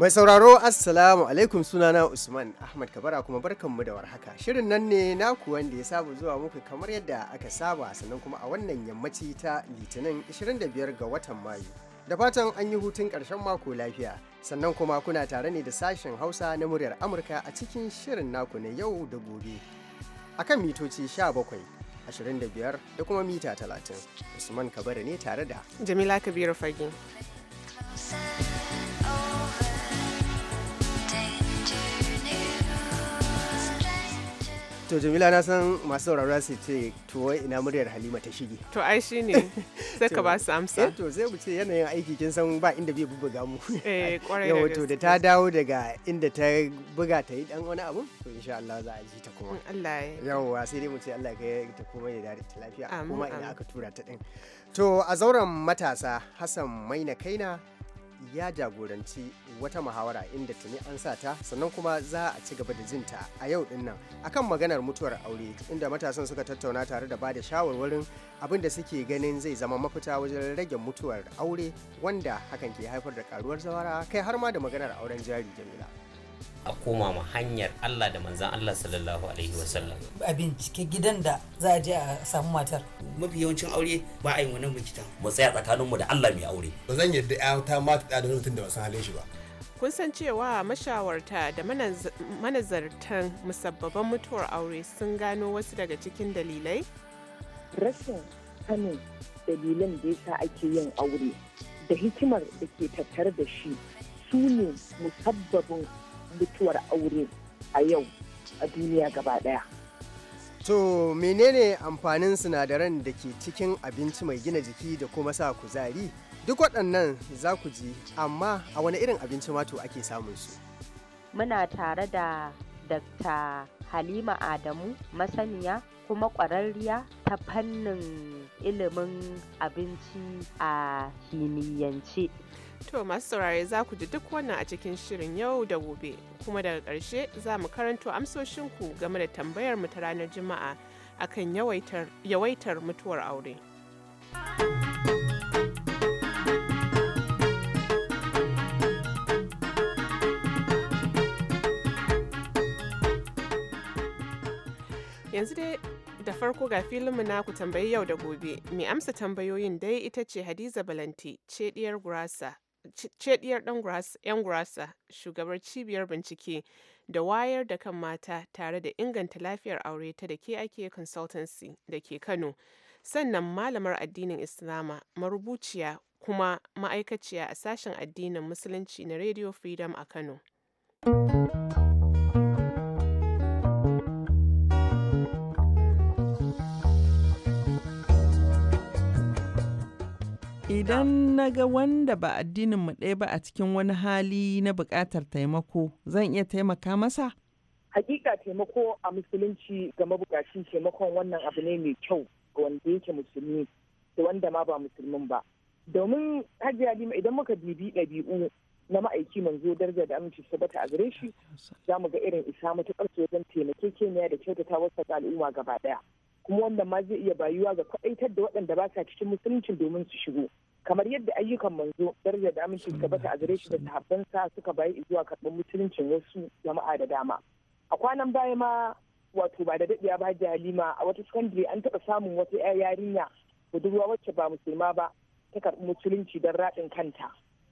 Mai sauraro Assalamu alaikum sunana Usman Ahmad Kabara kuma barkanmu da warhaka. Shirin nan ne naku wanda ya saba zuwa muku kamar yadda aka saba sannan kuma a wannan yammaci ta Litinin 25 ga watan Mayu. Da fatan an yi hutun ƙarshen mako lafiya. Sannan kuma kuna tare ne da sashen Hausa na muryar Amurka a cikin shirin naku na yau da gobe. Akan mitoci 17 25 da kuma mita 30. Usman Kabara ne tare da Jamila Kabiru Fagin. to jamila na san masu sauraro su ce tuwo ina muryar halima ta shige to ai shi ne sai ka ba su amsa eh, to sai mu ce yanayin aiki kin san ba inda bai buga mu eh kwarai da to da ta dawo daga inda ta buga ta yi dan wani abu to insha Allah za a ji ta kuma Allah ya yawa sai dai mu ce Allah ya ta kuma ya dare ta lafiya kuma ina aka tura ta din to a zauren matasa Hassan Maina Kaina ya jagoranci wata muhawara inda tuni an sa ta sannan kuma za a ci gaba da jinta a yau din nan akan maganar mutuwar aure inda matasan suka tattauna tare da bada shawarwarin abin da suke ganin zai zama mafita wajen rage mutuwar aure wanda hakan ke haifar da karuwar zawara kai har ma da maganar auren jari jamila. a koma ma hanyar Allah da manzan Allah sallallahu alaihi wasallam a bincike gidan da za a je a samu matar mafi yawancin aure ba a yi wannan binciken mu tsaya tsakaninmu da Allah mai aure ba zan yadda ya ta mata da mutum da ba san halin shi ba kun san cewa mashawarta da manazartan musabbaban mutuwar aure sun gano wasu daga cikin dalilai rashin sanin dalilan da yasa ake yin aure da hikimar da ke tattare da shi su ne musabbabin mutuwar aure a yau a duniya gaba daya to menene amfanin sinadaran da ke cikin abinci mai gina jiki da kuma sa kuzari duk waɗannan za ku ji amma a wani irin abinci mato ake samun su muna tare da Dr. Halima Adamu masaniya kuma ƙwararriya ta fannin ilimin abinci a kimiyyance. To masu saurare za ku ji duk wannan a cikin shirin yau da gobe kuma daga ƙarshe za mu karanto amsoshinku game da tambayar mu ta ranar Juma'a akan yawaitar mutuwar aure. Yanzu dai da farko ga filinmu na ku tambayi yau da gobe, mai amsa tambayoyin dai ita ce Hadiza Balanti, ce diyar gurasa Cediyar ‘yan gurasa, shugabar cibiyar bincike da wayar da kan mata tare da inganta lafiyar aure ta da ake Consultancy da ke Kano, sannan malamar addinin Islama, marubuciya kuma ma'aikaciya a sashen addinin Musulunci na Radio Freedom a Kano. idan na ga wanda ba addinin mu ɗaya ba a cikin wani hali na buƙatar taimako zan iya taimaka masa hakika taimako a musulunci ga mabukaci taimakon wannan abu ne mai kyau ga wanda yake musulmi da wanda ma ba musulmin ba domin hajiya lima idan muka bibi ɗabi'u na ma'aiki manzo daraja da aminci bata a gare shi za mu ga irin isa matuƙar su wajen taimakekeniya da kyautata wasu ga al'umma gaba ɗaya kuma wanda ma zai iya bayuwa ga kwaɗaitar da waɗanda ba sa cikin musulunci domin su shigo kamar yadda ayyukan manzo darajar da aminci gaba ta a gare shi da sa suka bayi zuwa karɓar musuluncin wasu jama'a da dama a kwanan baya ma wato ba da daɗiya ba hajji halima a wata sakandare an taɓa samun wata yarinya budurwa wacce ba musulma ba ta karɓi musulunci don raɗin kanta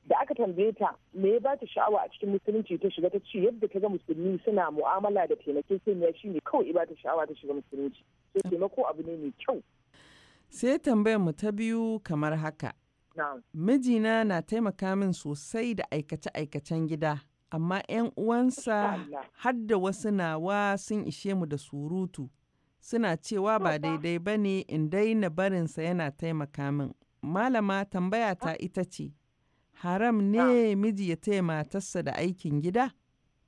da aka tambaye ta me ya bata sha'awa a cikin musulunci ta shiga ta ce yadda ta ga musulmi suna mu'amala da taimake sanya shine kawai bata sha'awa ta shiga musulunci sai taimako abu ne mai kyau sai tambayar mu ta biyu kamar haka Mijina na taimaka min sosai da aikace-aikacen gida, amma 'yan uwansa har da wasu nawa sun ishe mu da surutu. Suna cewa ba daidai ba ne in daina barinsa yana taimaka min. Malama tambaya ta ah. ita ce, haram ne miji ya taimata matarsa da aikin gida?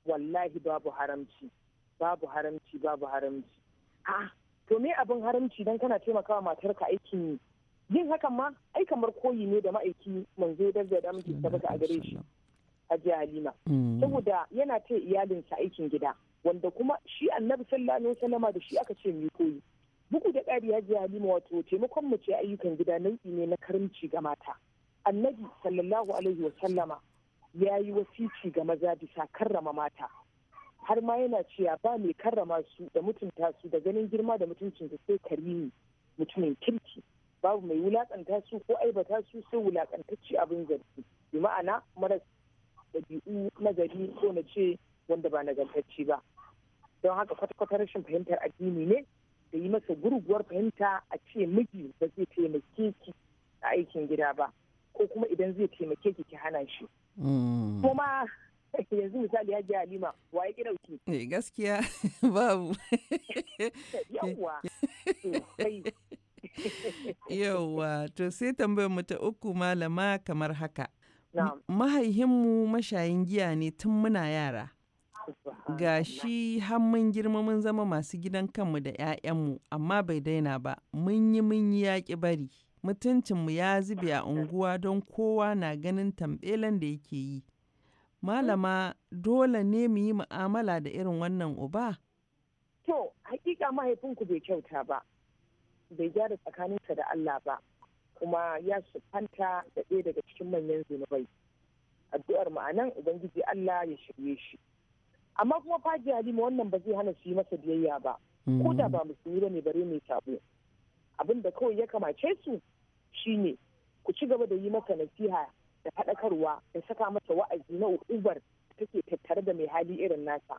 Wallahi babu haramci, babu haramci, babu haramci. Ah, to me abin haramci don kana taimakawa matarka aikin yin hakan ma ai kamar koyi ne da ma'aiki manzo da da muke tabbata a gare shi a Halima mm. saboda yana ta iyalinsa aikin gida wanda kuma shi Annabi sallallahu alaihi wasallama da shi aka ce mu koyi bugu da ƙari Hajiya Halima wato taimakon mu ce ayyukan gida nau'i ne na karimci ga mata Annabi sallallahu alaihi wasallama ya yi wasici ga maza bisa karrama mata har ma yana cewa ba mai karrama su da mutunta su da ganin girma da mutuncin da sai karimi mutumin kirki babu mai wulakanta su ko aibata su sai wulakantacci abin zargi bi ma'ana mara ɗabi'u nagari ko na ce wanda ba nagartacci ba don haka kwata-kwata rashin fahimtar addini ne da yi masa gurguwar fahimta a ce miji ba zai taimake ki a aikin gida ba ko kuma idan zai taimake ki ki hana shi mm. kuma yanzu misali hajji halima wa ya kira eh, gaskiya babu yawwa Yauwa, ah, to sai tambayar mu ta uku malama kamar haka. Mahaihinmu mashayin giya ne tun muna yara. Ga shi mun girma mun zama masu gidan kanmu da 'ya'yanmu amma bai daina ba, mun yi mun yi yaƙi bari. Mutuncinmu ya zube a unguwa don kowa na ganin tamɓelan da yake yi. Malama dole ne mu yi mu'amala da irin wannan uba? To, hakika mahaifinku bai kyauta ba. bai gyara tsakaninsa da Allah ba kuma ya su fanta da ɗaya daga cikin manyan zunubai addu'ar ma'anan ubangiji Allah ya shirye shi amma kuma faji halima wannan ba zai hana su yi masa biyayya ba ko da ba musulmi bane bare mai sabo abin da kawai ya kamace su shine ku ci gaba da yi masa nasiha da faɗakarwa da saka masa wa'azi na ubar take tattare da mai hali irin nasa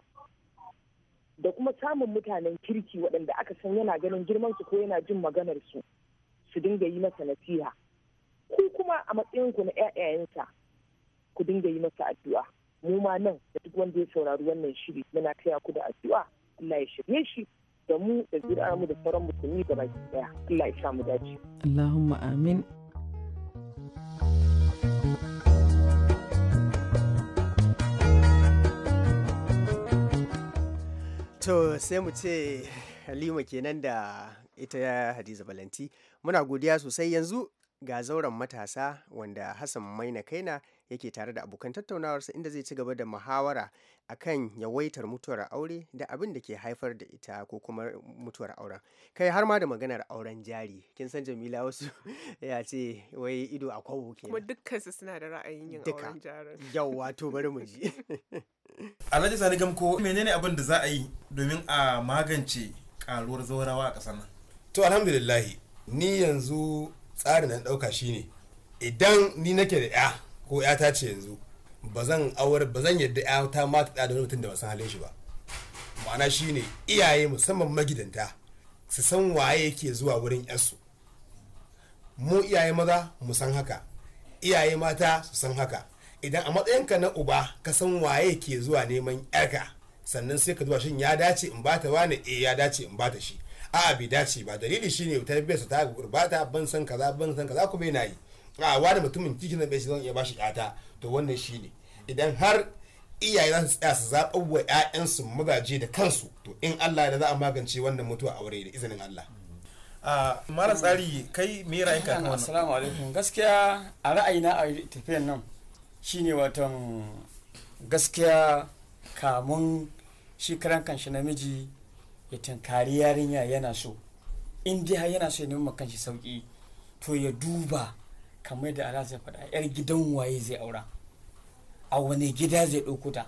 da kuma samun mutanen kirki waɗanda aka san yana ganin girman su ko yana jin maganar su su dinga yi masa nasiha ku kuma a matsayin ku na ƴaƴayensa ku dinga yi masa addu'a mu ma nan da duk wanda ya saurari wannan shiri muna taya ku da addu'a Allah ya shirye shi da mu da zira mu da sauran musulmi gaba ɗaya Allah ya sha mu dace Allahumma amin To sai mu ce Halima kenan da ita ya Hadiza Balanti. Muna godiya sosai yanzu ga zauren matasa wanda Hassan Maina Kaina yake tare da abokan tattaunawarsa inda zai ci gaba da muhawara akan yawaitar mutuwar aure da abin da ke haifar da ita ko kuma mutuwar auren kai har ma da maganar auren jari kin san Jamila wasu ya ce wai ido a kwabo ke kuma dukkan su suna da ra'ayin yin auren jarin yau wato bari mu ji Alhaji Sani Gamko menene abin da za a yi domin a magance karuwar zaurawa a ƙasar nan to alhamdulillah ni yanzu tsarin da ɗauka shine idan ni nake da ya ko ya ta ce yanzu ba zan awar ba zan yadda ya ta ma ta da mutum da ba halin shi ba ma'ana shine iyaye musamman magidanta su san waye yake zuwa wurin yarsu mu iyaye maza mu san haka iyaye mata su san haka idan a matsayinka na uba ka san waye ke zuwa neman yarka sannan sai ka zuwa shin ya dace in bata wane eh ya dace in ba ta shi a bai dace ba dalili shine su ta gurbata ban san kaza ban san kaza kuma yana yi a wani mutumin cikin da bai zan iya bashi kyata to wannan shine idan har iyaye za su tsaya su zaɓa wa 'ya'yansu mazaje da kansu to in Allah da za a magance wannan mutuwa a wuri da izinin Allah. mara tsari kai me ra'ayin ka wannan assalamu alaikum gaskiya a ra'ayina a tafiyan nan shine watan gaskiya kamun shi karan kanshi namiji ya tunkari yarinya yana so in dai yana so ya nemi kanshi sauki to ya duba kamar da Allah zai faɗa yar gidan waye zai aura a wani gida zai ɗauko ta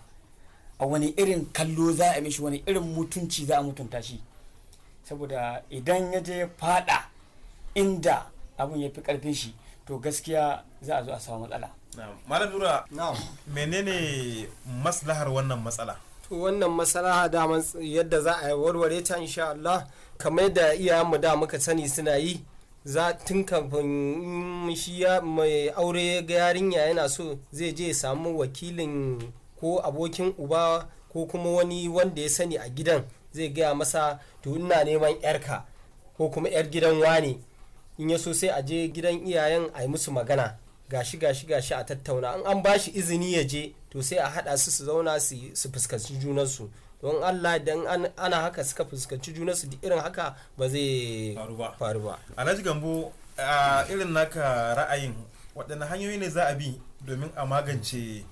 a wani irin kallo za a mishi wani irin mutunci za a mutunta shi saboda idan ya je faɗa inda abun ya fi ƙarfin shi to gaskiya za a zo a samu matsala malam dura menene maslahar wannan matsala to wannan masalaha daman yadda za a warware ta insha Allah kamar da iyayenmu da muka sani suna yi za tun kafin shi mai aure ga yarinya yana so zai je samu wakilin ko abokin uba ko kuma wani wanda ya sani a gidan zai gaya masa to ina neman yarka ko kuma yar gidan wani in ya so sai a je gidan iyayen a yi musu magana gashi gashi gashi a tattauna in an bashi izini ya je to sai a haɗa su su zauna su fuskanci junansu don Allah dan ana haka suka fuskanci junansu da irin haka ba zai faru ba alhaji gambo a irin naka ra'ayin waɗanne hanyoyi ne za a bi domin a magance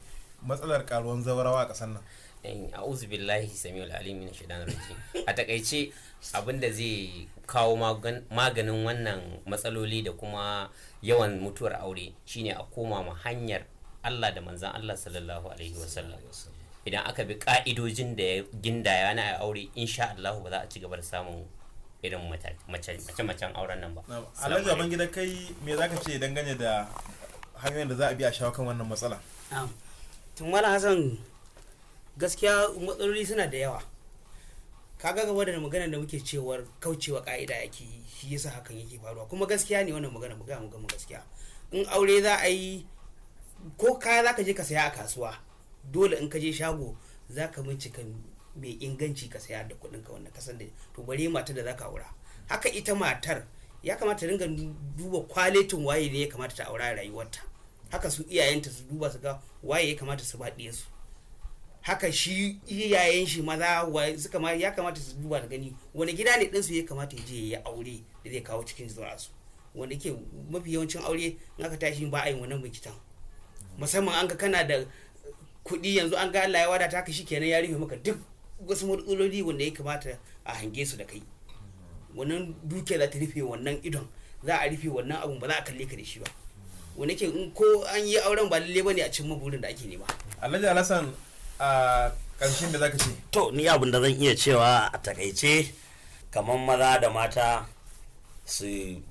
matsalar karuwan zaurawa a ƙasar nan a'udhu billahi samiul alim min shaitanir rajim a takaice abinda zai kawo maganin wannan matsaloli da kuma yawan mutuwar aure shine a koma ma hanyar Allah da manzan Allah sallallahu alaihi wasallam idan aka bi ka'idojin da ya gindaya na aure insha Allah ba za a ci gaba da samun irin mace-macen auren nan ba. Alhaji Baban kai me ce dangane da hanyoyin da za a bi a shawo kan wannan matsala? Tun wani hasan gaskiya matsaloli suna da yawa kaga gaba da magana da muke cewar kaucewa ka'ida yake shi yasa hakan yake faruwa kuma gaskiya ne wannan magana mu ga mu gaskiya in aure za a yi ko kaya za ka je ka saya a kasuwa dole in ka je shago za ka bincika mai inganci ka saya da kuɗin ka ka san da to bare matar da za ka aura haka ita matar ya kamata ringa duba kwalitin waye ne ya kamata ta aura rayuwarta haka su iyayenta su duba su ga waye ya kamata su baɗe su haka shi iyayen shi maza suka ya kamata su duba da gani wani gida ne ɗinsu ya kamata ya je ya aure da zai kawo cikin zuwa su wanda ke mafi yawancin aure na aka tashi ba a yi wannan bikitan musamman an ga kana da kuɗi yanzu an ga Allah ya wada haka shi kenan ya rufe maka duk wasu matsaloli wanda ya kamata a hange su da kai wannan duke za ta rufe wannan idon za a rufe wannan abun ba za a kalle ka da shi ba wanda ke ko an yi auren ba lalle ne a cin maburin da ake nema Alhaji Alhassan a ƙarshen da zaka ce to ni abin da zan iya cewa a takaice kamar maza da mata su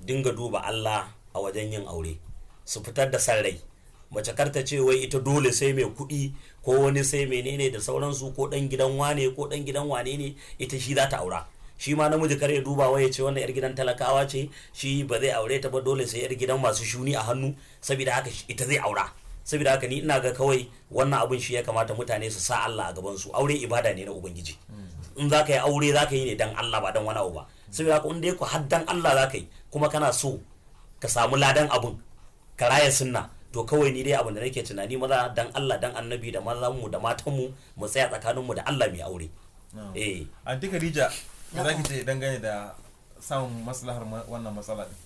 dinga duba Allah a wajen yin aure su fitar da san rai mace karta ce wai ita dole sai mai kuɗi ko wani sai menene da sauransu ko ɗan gidan wane ko ɗan gidan wane ne ita shi za ta aura shi ma namiji kar ya duba wai ya ce wannan yar gidan talakawa ce shi ba zai aure ta ba dole sai yar gidan masu shuni a hannu saboda haka ita zai aura saboda haka ni ina ga kawai wannan abin shi ya kamata mutane su sa Allah a gaban su aure ibada ne na ubangiji in za ka yi aure za ka yi ne dan Allah ba dan wani abu ba saboda haka inda dai ku haddan Allah za ka yi kuma kana so ka samu ladan abun ka raya sunna to kawai ni dai abin da nake tunani maza dan Allah dan annabi da mazan mu da matan mu mu tsaya tsakanin mu da Allah mai aure eh an duka rija ce dangane da samun maslahar wannan matsala din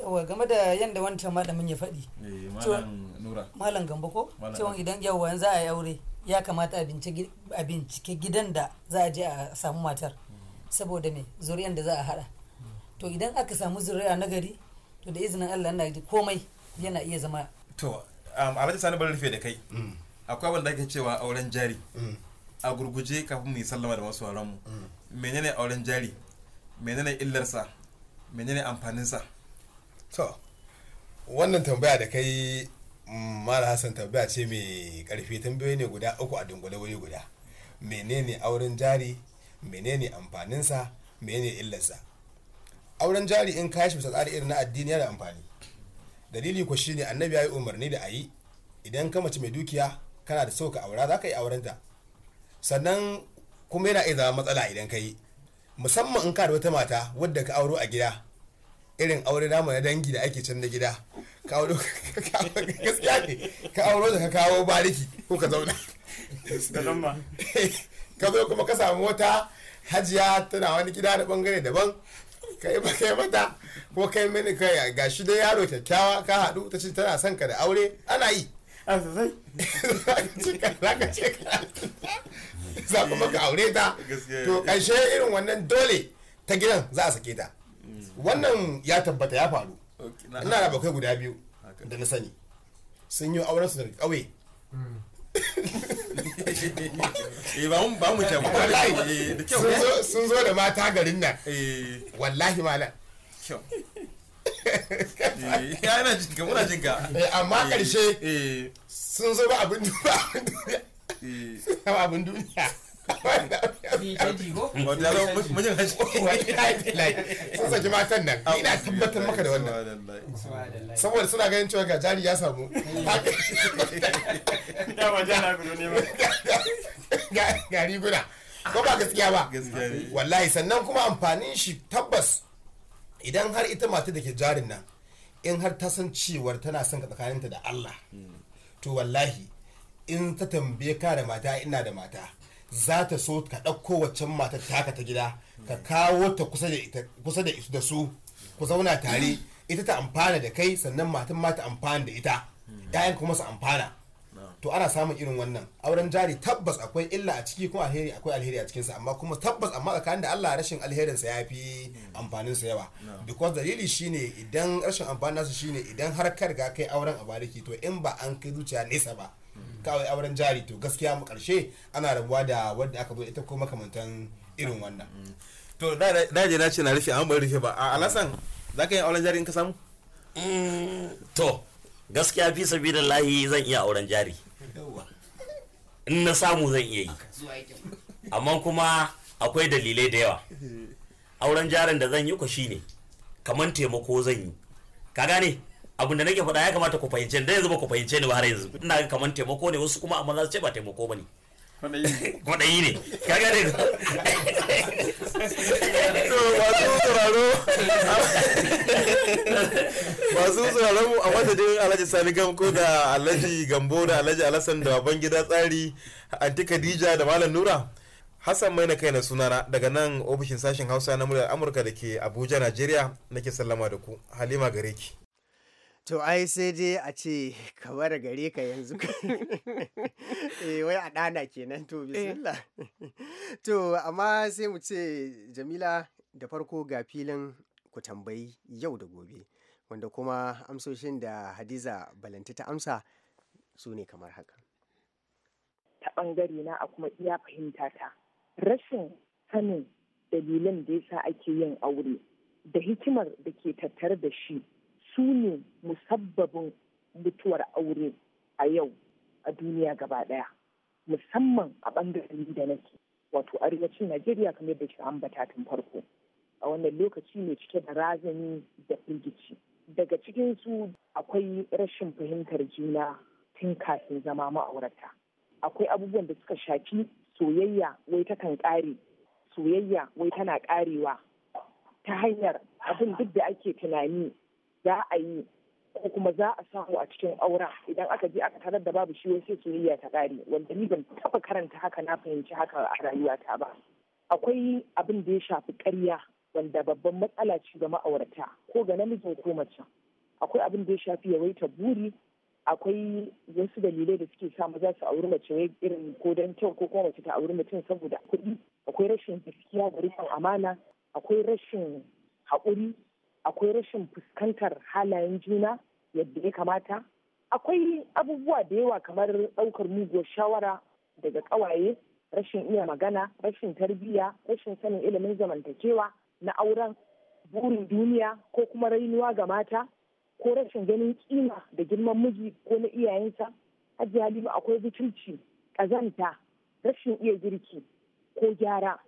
yawa game da yadda wancan malamin ya faɗi eh, malam gamba ko cewon idan yawa za a yi aure ya kamata a bincike gidan da za a je a samu matar saboda me zuriyar da za a haɗa to idan aka samu zuriya na gari to da izinin allah na komai yana iya zama to um, alhaji sani bari rufe da kai akwai wanda ake cewa auren jari a gurguje kafin mu yi sallama da masu mu mm. menene auren jari menene illarsa menene amfaninsa so wannan tambaya da kai mara mm, hassan tambaya ce mai karfi tambayoyi ne guda uku a dungule wuri guda menene auren jari menene amfaninsa menene illarsa auren jari in ka shi bisa tsari irin na addini yana amfani dalili ko ne annabi ya yi umarni da a yi idan ka mace mai dukiya kana da so ka aura za ka yi ta sannan kuma yana iya zama matsala idan ka yi musamman in ka da wata mata wadda ka auro a gida irin aure namu na dangi da ake can na gida ka auro gaskiya ne ka auro da ka kawo bariki ko ka zauna ka zo kuma ka samu wata hajiya tana wani gida da bangare daban ka yi kai mata ko kai mini kai ga shi dai yaro kyakkyawa ka haɗu ta ce tana son ka da aure ana yi za kuma ka aure ta to ƙarshe irin wannan dole ta gidan za a sake ta wannan ya tabbata ya faru ina da bakwai guda biyu da na sani sun yi auren su da kawai. Eh, ba mu ba sun zo da mata garin nan eh. wallahi malam yana eh, jinka muna jinka amma karshe sun zo ba abin duniya abin duniya saki matan nan ina tabbatar maka da wannan saboda suna ganin cewa ga jari ya samu ga riguna ko ba gaskiya ba wallahi sannan kuma amfanin shi tabbas idan har ita mata da ke jarin nan in har ta san cewar tana son ka tsakaninta da Allah to wallahi in ta tambaye ka da mata ina da mata za ta so ka ɗauko waccan matar taka ta gida ka kawo ta kusa da da su ku zauna tare ita ta amfana da kai sannan matan ma ta amfana da ita ƴaƴan kuma su amfana to ana samun irin wannan auren jari tabbas akwai illa a ciki kuma alheri akwai alheri a cikinsa amma kuma tabbas amma tsakanin da Allah rashin alherinsa ya fi amfanin sa yawa because dalili shine idan rashin amfanin nasu shine idan har ka kai auren a bariki to in ba an kai zuciya nesa ba kawai auren jari to gaskiya mu karshe ana rabuwa da wadda aka zo ita ko makamantan irin wannan mm. to da je na ce na rufe amma ban rufe ba a alasan za ka yi auren jari in ka samu mm, to gaskiya fi lahi zan iya auren jari in na samu zan iya yi amma kuma akwai dalilai da yawa auren jarin da zan yi ku shine kamar taimako zan yi ka gane abin da nake faɗa ya kamata ku fahimce da yanzu ba ku fahimce ni ba har yanzu ina ga kamar taimako ne wasu kuma amma za su ce ba taimako ba ne kwaɗayi ne kaga ne masu sauraro masu sauraro mu a madadin alhaji sani gamko da alhaji gambo da alhaji alasan da baban gida tsari anti khadija da malam nura hassan mai na kai na sunana daga nan ofishin sashen hausa na muryar amurka da ke abuja najeriya nake sallama da ku halima gare ki To ai sai dai a ce kamar gare ka yanzu eh, wai a ɗana kenan to eh. bismillah. To amma sai mu ce Jamila da farko ga filin ku tambayi yau da gobe wanda kuma amsoshin da Hadiza Balanti ta amsa su ne kamar haka. Ta ɓangare na a kuma iya fahimta ta rashin sanin dalilin da yasa ake yin aure da hikimar da ke tattare da shi su ne musabbabin mutuwar aure a yau a duniya gaba ɗaya musamman a bangaren da nake wato arewacin najeriya kamar da kika ambata tun farko a wannan lokaci ne cike da razani da firgici daga cikin su akwai rashin fahimtar juna tun kafin zama ma'aurata akwai abubuwan da suka shafi soyayya wai takan kare soyayya wai tana karewa. ta hanyar abin duk da ake tunani za a yi ko kuma za a samu a cikin aura idan aka je aka tarar da babu shi wasu soyayya ta ƙare wanda ni ban taɓa karanta haka na fahimci haka a rayuwata ba akwai abin da ya shafi karya wanda babban matsala ce ga ma'aurata ko ga namiji ko mace akwai abin da ya shafi yawaitar buri akwai wasu dalilai da suke sa maza su auri mace irin ko don kyau ko kuma mace ta auri mutum saboda kuɗi akwai rashin gaskiya da rikon amana akwai rashin haƙuri akwai rashin fuskantar halayen juna yadda ya kamata akwai abubuwa da yawa kamar ɗaukar muguwar shawara daga ƙawaye rashin iya magana rashin tarbiyya rashin sanin ilimin zamantakewa na auren burin duniya ko kuma rainuwa ga mata ko rashin ganin kima da girman miji ko na iyayensa hajji halima akwai butulci ƙazanta rashin iya girki ko gyara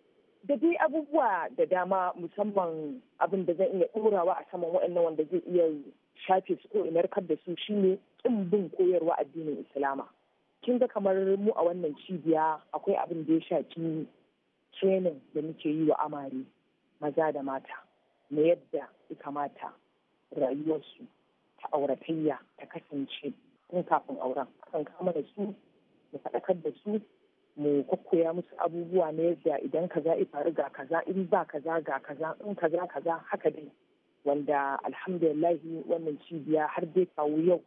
da dai abubuwa da dama musamman abin da zan iya ɗorawa a saman waɗannan wanda zai iya shafe su ko narkar da su shine ƙin bin koyarwa addinin islama kin ga kamar mu a wannan cibiya akwai abin da ya shafi training da muke yi wa amare maza da mata na yadda ya kamata rayuwarsu ta auratayya ta kasance tun kafin auren kan kama da su da faɗakar da su mu koya musu abubuwa na yadda idan kaza ya faru ga kaza in ba kaza ga kaza in kaza kaza haka dai wanda alhamdulillahi wannan cibiya har dai kawo yau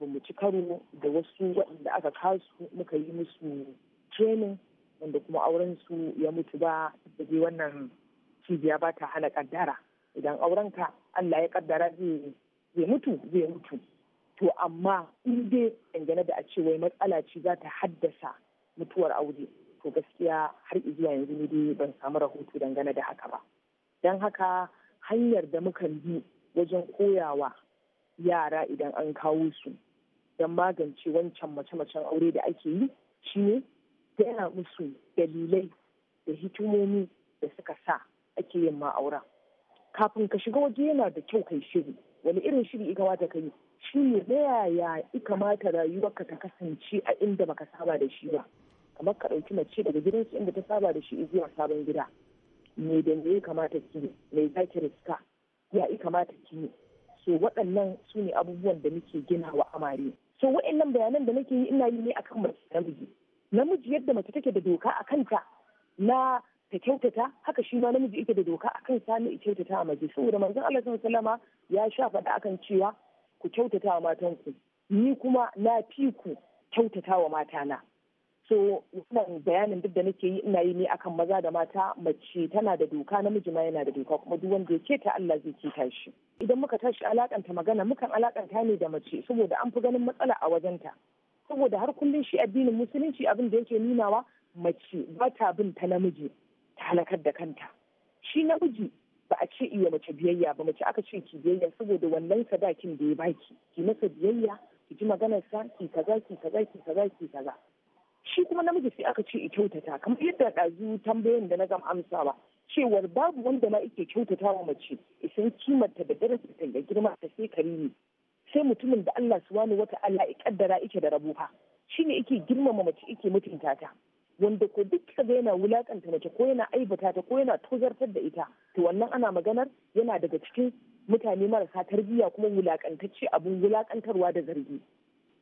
ba mu ci karo da wasu waɗanda aka kasu muka yi musu training wanda kuma auren su ya mutu ba da dai wannan cibiya ba ta hana kaddara idan aurenka Allah ya kaddara zai mutu zai mutu to amma in dai dangane da a ce wai matsala ce za ta haddasa mutuwar aure to gaskiya har izuwa yanzu ne dai ban samu rahoto dangane da haka ba don haka hanyar da mukan bi wajen koyawa yara idan an kawo su don magance wancan mace-macen aure da ake yi shi shine gaya musu dalilai da hikimomi da suka sa ake yin ma'aura kafin ka shiga waje yana da kyau kai shiri wani irin shiri ika wata ka yi shi ne yaya ya mata rayuwarka ta kasance a inda baka saba da shi ba kamar ka ɗauki mace daga gidansu inda ta saba da shi zuwa sabon gida me da me ya kamata ki me za ki riska ya ya kamata ki so waɗannan su ne abubuwan da muke ginawa amare so waɗannan bayanan da nake yi ina yi ne akan mace namiji namiji yadda mace take da doka a kanta na ta kyautata haka shi ma namiji yake da doka akan sami kyautata a mace saboda manzon Allah sallallahu ya sha faɗa akan cewa ku kyautata wa matanku ni kuma na fi ku kyautata wa matana so wannan bayanin duk da nake yi ina yi ne akan maza da mata mace tana da doka namiji ma yana da doka kuma duk wanda ya ta Allah zai kita shi idan muka tashi alakanta magana mukan alakanta ne da mace saboda an fi ganin matsala a wajenta saboda har kullum shi addinin musulunci abin da yake ninawa mace ba ta bin ta namiji ta halakar da kanta shi namiji ba a ce iya mace biyayya ba mace aka ce ki biyayya saboda wannan sadakin da ya baki ki masa biyayya ki ji maganarsa ki kaza ki kaza ki kaza ki kaza shi kuma namiji sai aka ce i kyautata kamar yadda ɗazu tambayoyin da na gama amsawa cewar babu wanda ma ike kyautata wa mace isan kimarta da ta ga girma ta sai karimi sai mutumin da Allah su subhanahu wata ya kaddara ike da rabo fa shine ike girmama mace ike mutunta ta wanda ko duk kaga yana wulakanta mace ko yana aibata ta ko yana tozartar da ita to wannan ana maganar yana daga cikin mutane marasa tarbiyya kuma wulakantacce abin wulakantarwa da zargi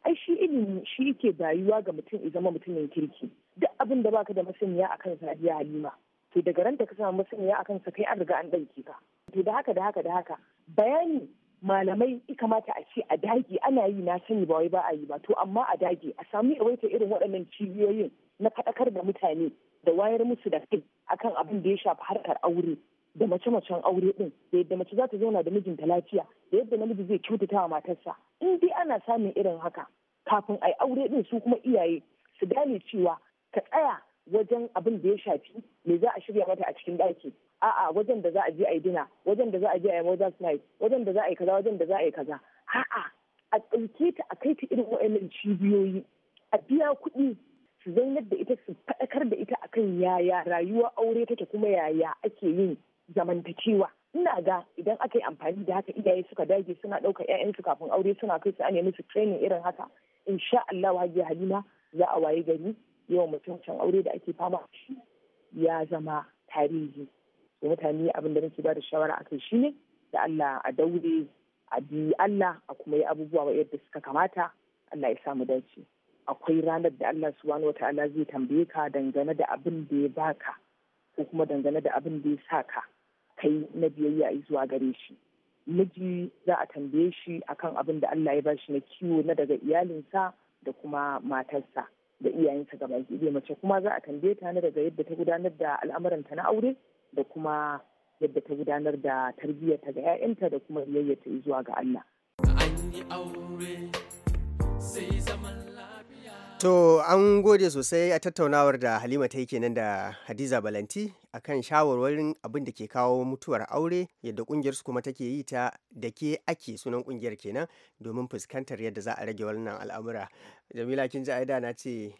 ai shi ilimi shi yake bayuwa ga mutum ya zama mutumin kirki duk abin da baka da masaniya akan sadiya halima to daga ran da ka samu masaniya akan sa kai an riga an ɗauke ka to da haka da haka da haka bayani malamai i kamata a ce a dage ana yi na sani ba wai ba a yi ba to amma a dage a samu yawaita irin waɗannan cibiyoyin na faɗakar da mutane da wayar musu da kai akan abin da ya shafi harkar aure da mace-macen aure din da yadda mace za ta zauna da mijinta lafiya da yadda namiji zai kyautata wa matarsa in dai ana samun irin haka kafin a yi aure din su kuma iyaye su gane cewa ka tsaya wajen abin da ya shafi me za a shirya mata a cikin ɗaki a'a wajen da za a je a yi dina wajen da za a je a yi mother's night wajen da za a yi kaza wajen da za a yi kaza a'a a ɗauke ta a kai ta irin wa'annan cibiyoyi a biya kuɗi su zaunar da ita su faɗakar da ita akan yaya rayuwa aure take kuma yaya ake yin zamantakewa ina ga idan aka yi amfani da haka iyaye suka dage suna ɗaukar 'ya'yansu kafin aure suna kai su a nemi su training irin haka insha Allah hajiya halima za a waye gari yawan can aure da ake fama shi ya zama tarihi da mutane abin da nake ba da shawara a kai shine da Allah a daure a bi Allah a kuma yi abubuwa yadda suka kamata Allah ya samu dace akwai ranar da Allah subhanahu wataala zai tambaye ka dangane da abin da ya baka ko kuma dangane da abin da ya saka kai na biyayya a zuwa gare shi miji za a tambaye shi akan abin da Allah ya bashi na kiwo na daga iyalinsa da kuma matarsa da iyayensa ga baki ɗaya mace kuma za a tambaye ta na daga yadda ta gudanar da al'amuranta na aure da kuma yadda ta gudanar da tarbiyyarta ga 'ya'yanta da kuma biyayyarta zuwa ga Allah. To an gode sosai a tattaunawar da Halima ta yi kenan da Hadiza Balanti akan shawarwarin abin da ke kawo mutuwar aure yadda kungiyar su kuma take yi ta da ke ake sunan kungiyar kenan domin fuskantar yadda za a rage wannan al'amura jamila kin ji aida na ce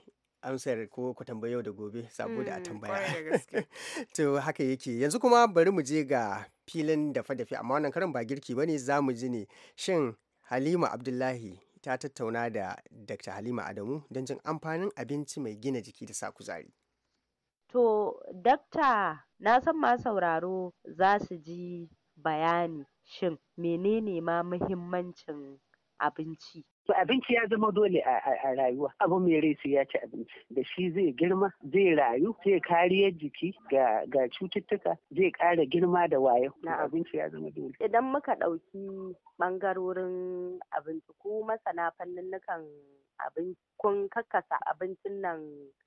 amsar ko ku tambaye yau da gobe saboda a mm, tambaya to haka yake yanzu kuma bari mu je ga filin dafe-dafe amma wannan karin ba girki bane za mu ji ne shin halima abdullahi ta tattauna da dr halima adamu don jin amfanin abinci mai gina jiki da sa kuzari To dakta na san ma sauraro za su ji bayani shin menene ma muhimmancin abinci? To abinci ya zama dole a rayuwa. Abu mai rai sai ya ci abinci. Da shi zai girma, zai rayu, zai kariyar jiki ga cututtuka, zai ƙara girma da wayo. Na abinci ya zama dole. Idan muka ɗauki ɓangarorin abinci, ko masana fanninnikan abinci kun kakkasa abincin nan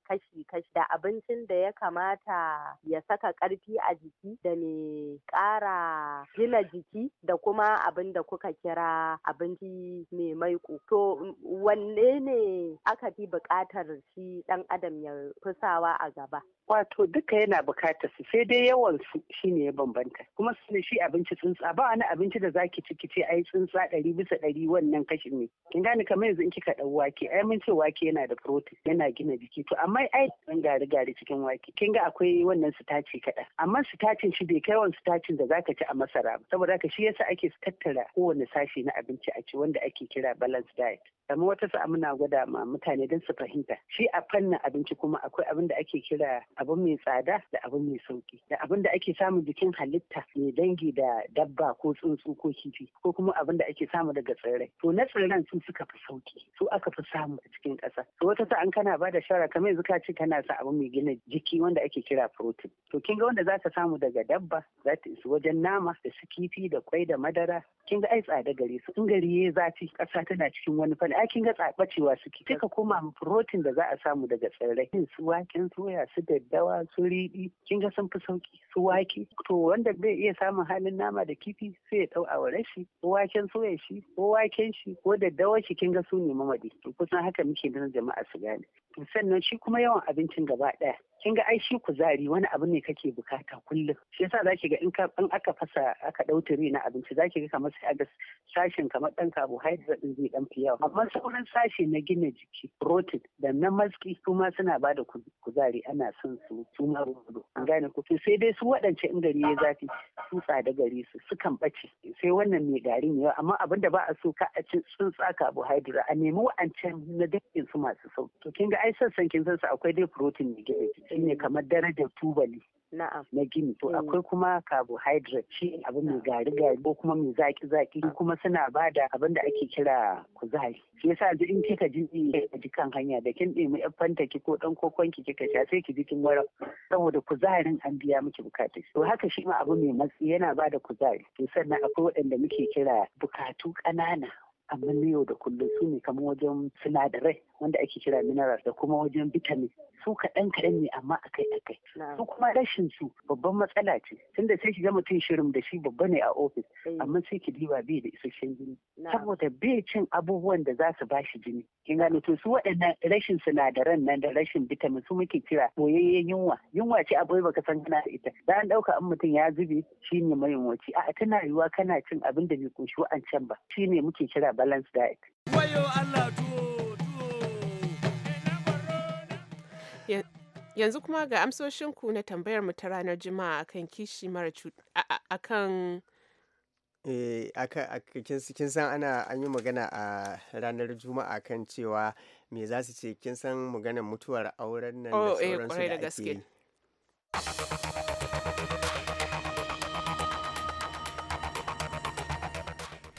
kashi-kashi da abincin da ya kamata ya saka ƙarfi a jiki da mai ƙara gina jiki da kuma abin da kuka kira abinci mai maiko. To wanne ne aka fi buƙatar shi ɗan adam ya fusawa a gaba? Wato duka yana buƙatar su sai dai yawan su shine ya bambanta. Kuma su ne shi abinci tsuntsa ba wani abinci da zaki ciki ce ai tsuntsa ɗari bisa ɗari wannan kashin ne. Kin gane kamar yanzu in kika ɗau wake ai mun ce wake yana da protein yana gina jiki to amma ai ran gari gari cikin wake kin ga akwai wannan sitaci kada amma sitacin shi bai kai wannan sitacin da zaka ci a masara ba saboda haka shi yasa ake tattara kowanne sashi na abinci a ci wanda ake kira balanced diet amma wata sa muna gwada ma mutane don su fahimta shi a fannin abinci kuma akwai abin da ake kira abin mai tsada da abin mai sauki da abin da ake samu jikin halitta mai dangi da dabba ko tsuntsu ko kifi ko kuma abin da ake samu daga tsirrai to na tsirran su suka fi sauki su aka fi samu a cikin cikin ƙasa to wata sa'an kana ba da shawara kamar yanzu ka ce kana sa abu mai gina jiki wanda ake kira protein to kin ga wanda ta samu daga dabba za ta isu wajen nama da su kifi da kwai da madara kin ga ai tsada gari su in gari ya zafi ƙasa tana cikin wani fani. ai kin ga tsabacewa suke sai ka koma protein da za a samu daga tsirrai su waken soya su daddawa su riɗi kin ga sun fi sauki su wake to wanda bai iya samun halin nama da kifi sai ya ɗau wurin shi ko waken soya shi ko waken shi ko daddawa shi kin ga su ne mamadi to kusan haka muke yake don jama'a su gane sannan shi kuma yawan abincin gaba ɗaya kin ga ai shi kuzari wani abu ne kake bukata kullum shi yasa zaki ga in ka in aka fasa aka dau rina na abinci zaki ga kamar sai aga sashin kamar dan carbohydrate din zai dan fiyawa amma sauran sashi na gina jiki protein da na maski kuma suna bada kuzari ana son su su ma an gane ku sai dai su waɗance in gari ya zafi tsutsa da gari su sukan bace sai wannan mai garin yawa amma abin da ba a so ka a ci tsuntsa carbohydrate a nemi wa'ancan na dukkan su masu sauki to kin ga ai sassan kin san su akwai dai protein ne gina jiki ne kamar darajar tubali na gini to mm. akwai kuma carbohydrate shi abu mai ah. gari gari ko kuma mai zaki zaki kuma suna ba da abin da ake kira kuzari shi yasa duk in kika ji a jikan hanya da kin ɗemi yan fanta ki ko ɗan kokon ki kika sha sai ki ji kin wara saboda kuzarin an biya miki bukatu to haka shi ma abu mai matsi yana bada kuzari to sannan akwai waɗanda muke kira bukatu ƙanana amma na yau da kullum su ne kamar wajen sinadarai wanda ake kira minerals da kuma wajen vitamin su kaɗan kaɗan ne amma akai akai su kuma rashin su babban matsala ce tunda sai shiga mutum shirin da shi babba ne a ofis eh. amma sai ki diba bai da isasshen jini saboda bai cin abubuwan da za su bashi jini kin gano to su waɗannan rashin sinadaran nan da rashin vitamin su muke kira boyayyen yunwa yunwa ce abu baka san kana da ita da an ɗauka an mutum ya zube shine mai yunwaci a'a tana yiwuwa kana cin abin da bai kunshi wa'ancan ba shi ne muke kira balanced diet. Yanzu kuma ga amsoshinku na tambayar mu ta ranar Juma'a akan kishi mara akan Eh, kin san ana an yi magana a ranar juma'a kan cewa me za su ce kin san maganar mutuwar auren nan da oh, eh, sauransu da ake yi.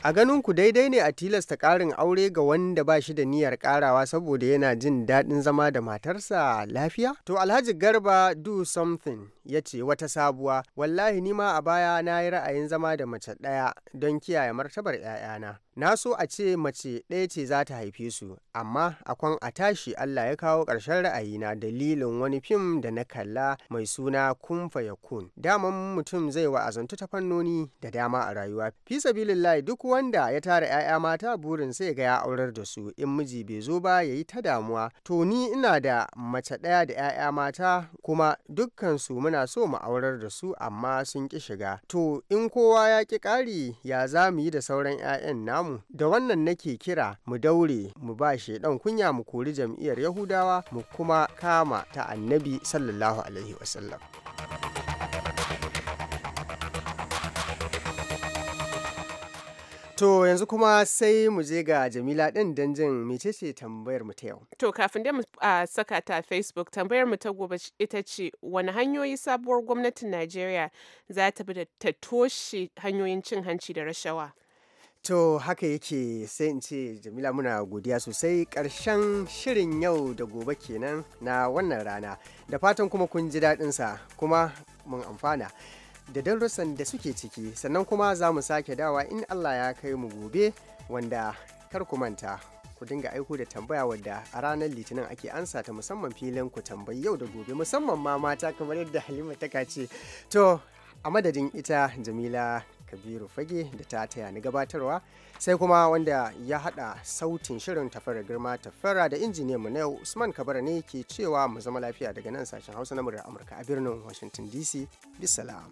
A ganin ku daidai ne a tilasta ƙarin aure ga wanda ba shi da niyyar ƙarawa saboda yana jin daɗin zama da matarsa lafiya? To Alhaji Garba do something ya ce wata sabuwa, wallahi ni ma a baya na yi ra'ayin zama da mace ɗaya don kiyaye martabar 'ya'yana. Na so a ce mace ɗaya ce za ta haife su, amma akwan a tashi Allah ya kawo ƙarshen ra'ayina dalilin wani fim da na kalla mai suna kumfa ya kun. Daman mutum zai wa'azantu ta fannoni da dama a rayuwa. Fi sabilillahi duk wanda ya tara 'ya'ya mata burin sai ga ya aurar da su in miji bai zo ba ya yi ta damuwa to ni ina da mace ɗaya da 'ya'ya mata kuma dukkansu muna so mu aurar da su amma sun ƙi shiga to in kowa ya ƙi ƙari ya za mu yi da sauran 'ya'yan namu da wannan nake kira mu daure mu ba shi ɗan kunya mu kori jam'iyyar yahudawa mu kuma kama ta annabi sallallahu alaihi wasallam. To yanzu kuma sai mu je ga Jamila ɗin don jin mecece tambayar mu ta yau. To kafin da mu saka ta Facebook tambayar mu ta gobe ita ce wani hanyoyi sabuwar gwamnatin Najeriya za ta bi ta toshe hanyoyin cin hanci da rashawa. To haka yake sai in ce Jamila muna godiya sosai karshen shirin yau da gobe kenan na wannan rana da fatan kuma kun ji daɗinsa kuma mun amfana. da darussan da suke ciki sannan kuma za mu sake dawa in allah ya kai mu gobe wanda kar ku manta ku dinga aiko da tambaya wadda a ranar litinin ake ansa ta musamman filin ku tambayi yau da gobe musamman ma mata kamar yadda halima ta kace to a madadin ita jamila kabiru fage da ta taya ni gabatarwa sai kuma wanda ya hada sautin shirin tafara girma tafara da injiniyan mu na yau usman kabara ne ke cewa mu zama lafiya daga nan sashen hausa na murar amurka a birnin washington dc bisalam